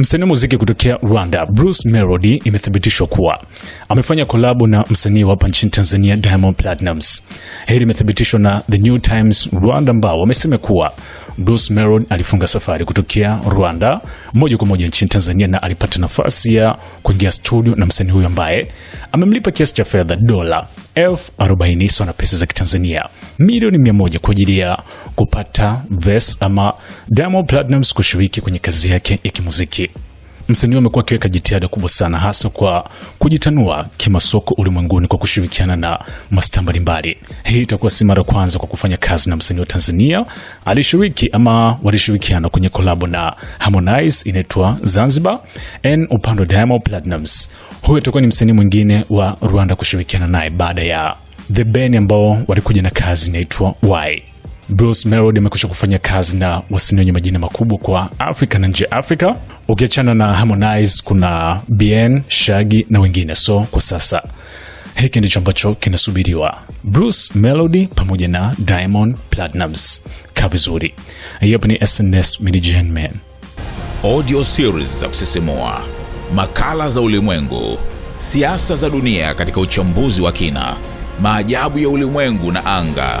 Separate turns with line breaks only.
Msanii wa muziki kutokea Rwanda Bruce Melody imethibitishwa kuwa amefanya kolabo na msanii wa hapa nchini Tanzania Diamond Platnumz. Hili imethibitishwa na The New Times Rwanda ambao wamesema kuwa Bruce Melody alifunga safari kutokea Rwanda moja kwa moja nchini Tanzania na alipata nafasi ya kuingia studio na msanii huyo ambaye amemlipa kiasi cha fedha dola elfu sawa na pesa za Kitanzania milioni 1 kwa ajili ya kupata verse ama Diamond Platnumz kushiriki kwenye kazi yake ya kimuziki msanii amekuwa akiweka jitihada kubwa sana hasa kwa kujitanua kimasoko ulimwenguni kwa kushirikiana na mastaa mbalimbali. Hii itakuwa si mara kwanza kwa kufanya kazi na msanii wa Tanzania. Alishiriki ama walishirikiana kwenye kolabo na Harmonize inaitwa Zanzibar n upande wa Diamond Platnumz. Huyu atakuwa ni msanii mwingine wa Rwanda kushirikiana naye baada ya The Ben ambao walikuja na kazi inaitwa Y. Bruce Melody amekwisha kufanya kazi na wasanii wenye majina makubwa kwa Afrika na nje ya Afrika. Ukiachana na Harmonize, kuna Bien, Shaggy na wengine. So kwa sasa hiki ndicho ambacho kinasubiriwa Bruce Melody pamoja na Diamond Platnumz. Ka vizuri. Hapa ni SNS Mini Man,
audio series za kusisimua, makala za ulimwengu, siasa za dunia katika uchambuzi wa kina, maajabu ya ulimwengu na anga